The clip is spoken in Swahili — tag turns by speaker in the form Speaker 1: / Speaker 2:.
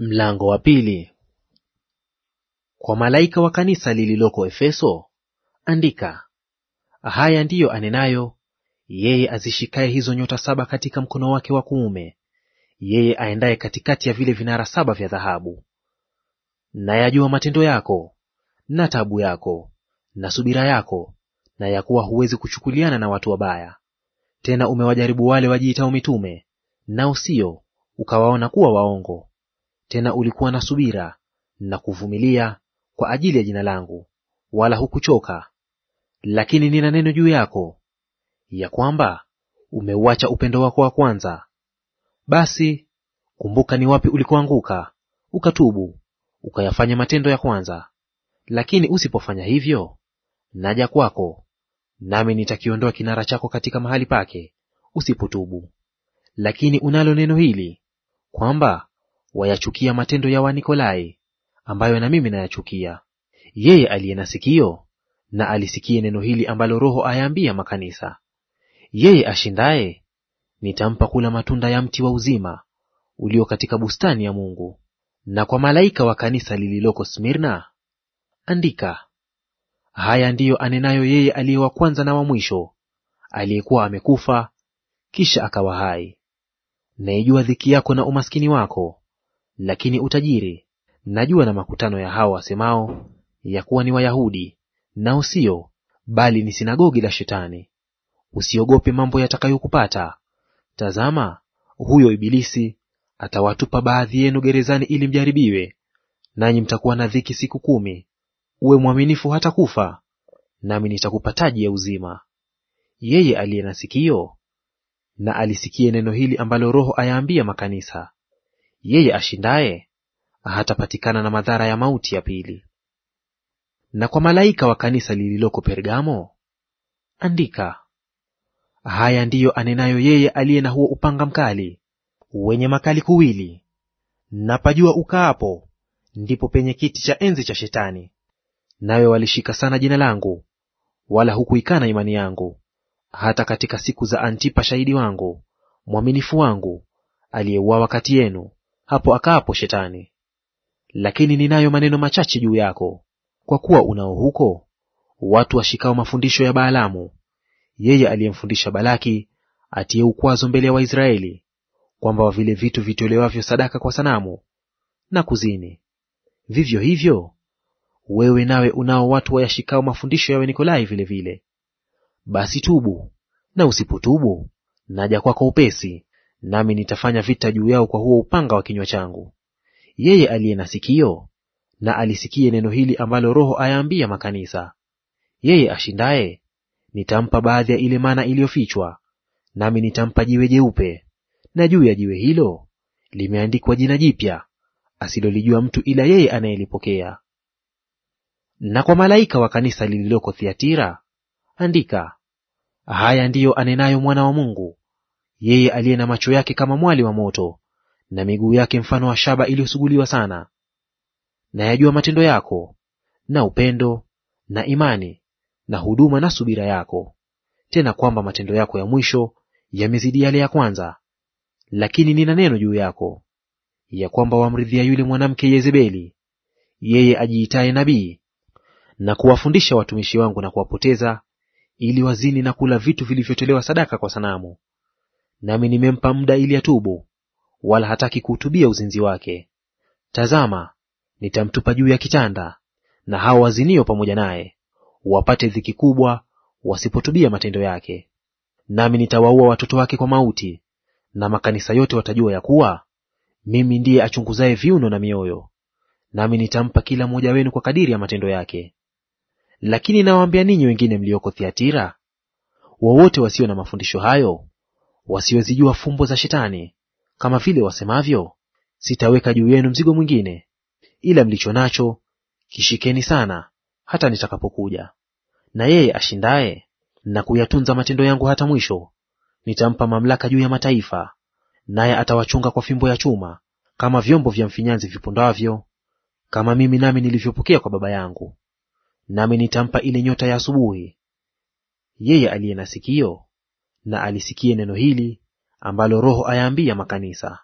Speaker 1: Mlango wa pili. Kwa malaika wa kanisa lililoko Efeso andika: haya ndiyo anenayo yeye azishikaye hizo nyota saba katika mkono wake wa kuume, yeye aendaye katikati ya vile vinara saba vya dhahabu. Na yajua matendo yako na tabu yako na subira yako, na ya kuwa huwezi kuchukuliana na watu wabaya; tena umewajaribu wale wajiitao mitume, na usio, ukawaona kuwa waongo tena ulikuwa na subira na kuvumilia kwa ajili ya jina langu, wala hukuchoka. Lakini nina neno juu yako, ya kwamba umeuacha upendo wako wa kwanza. Basi kumbuka ni wapi ulikoanguka, ukatubu, ukayafanya matendo ya kwanza. Lakini usipofanya hivyo, naja kwako, nami nitakiondoa kinara chako katika mahali pake, usipotubu. Lakini unalo neno hili kwamba wayachukia matendo ya Wanikolai, ambayo na mimi nayachukia. Yeye aliye na sikio na alisikie neno hili ambalo Roho ayaambia makanisa. Yeye ashindaye nitampa kula matunda ya mti wa uzima ulio katika bustani ya Mungu. Na kwa malaika wa kanisa lililoko Smirna andika: haya ndiyo anenayo yeye aliye wa kwanza na wa mwisho, aliyekuwa amekufa kisha akawa hai. Naijua dhiki yako na umaskini wako, lakini utajiri najua na makutano ya hao wasemao ya kuwa ni Wayahudi, na usio, bali ni sinagogi la Shetani. Usiogope mambo yatakayokupata. Tazama, huyo Ibilisi atawatupa baadhi yenu gerezani, ili mjaribiwe, nanyi mtakuwa na dhiki siku kumi. Uwe mwaminifu hata kufa, nami nitakupa taji ya uzima. Yeye aliye na sikio na alisikie neno hili ambalo Roho ayaambia makanisa. Yeye ashindaye hatapatikana na madhara ya mauti ya pili. Na kwa malaika wa kanisa lililoko Pergamo andika: haya ndiyo anenayo yeye aliye na huo upanga mkali wenye makali kuwili. Na pajua ukaapo, ndipo penye kiti cha enzi cha Shetani. Nawe walishika sana jina langu, wala hukuikana imani yangu, hata katika siku za Antipa shahidi wangu mwaminifu wangu, aliyeuawa kati yenu, hapo akaapo Shetani. Lakini ninayo maneno machache juu yako, kwa kuwa unao huko watu washikao mafundisho ya Baalamu, yeye aliyemfundisha Balaki atiye ukwazo mbele ya wa Waisraeli, kwamba wa vile vitu vitolewavyo sadaka kwa sanamu na kuzini. Vivyo hivyo wewe nawe unao watu wayashikao mafundisho ya vile vilevile. Basi tubu, na usipotubu naja kwako upesi, nami nitafanya vita juu yao kwa huo upanga wa kinywa changu. Yeye aliye na sikio na alisikie neno hili ambalo Roho ayaambia makanisa. Yeye ashindaye nitampa baadhi ya ile mana iliyofichwa, nami nitampa jiwe jeupe, na juu ya jiwe hilo limeandikwa jina jipya asilolijua mtu ila yeye anayelipokea. Na kwa malaika wa kanisa lililoko Thiatira andika, haya ndiyo anenayo Mwana wa Mungu yeye aliye na macho yake kama mwali wa moto, na miguu yake mfano wa shaba iliyosuguliwa sana. Na yajua matendo yako na upendo na imani na huduma na subira yako, tena kwamba matendo yako ya mwisho yamezidi yale ya kwanza. Lakini nina neno juu yako, ya kwamba wamridhia yule mwanamke Yezebeli, yeye ajiitaye nabii, na kuwafundisha watumishi wangu na kuwapoteza, ili wazini na kula vitu vilivyotolewa sadaka kwa sanamu nami nimempa muda ili atubu, wala hataki kuutubia uzinzi wake. Tazama, nitamtupa juu ya kitanda, na hao wazinio pamoja naye wapate dhiki kubwa, wasipotubia matendo yake. Nami nitawaua watoto wake kwa mauti, na makanisa yote watajua ya kuwa mimi ndiye achunguzaye viuno na mioyo, nami nitampa kila mmoja wenu kwa kadiri ya matendo yake. Lakini nawaambia ninyi wengine mlioko Thiatira, wowote wasio na mafundisho hayo wasiwezijua fumbo za Shetani, kama vile wasemavyo, sitaweka juu yenu mzigo mwingine, ila mlicho nacho kishikeni sana, hata nitakapokuja. Na yeye ashindaye na kuyatunza matendo yangu hata mwisho, nitampa mamlaka juu ya mataifa, naye atawachunga kwa fimbo ya chuma, kama vyombo vya mfinyanzi vipondavyo, kama mimi nami nilivyopokea kwa Baba yangu. Nami nitampa ile nyota ya asubuhi. Yeye aliye na sikio na alisikie neno hili ambalo Roho ayaambia makanisa.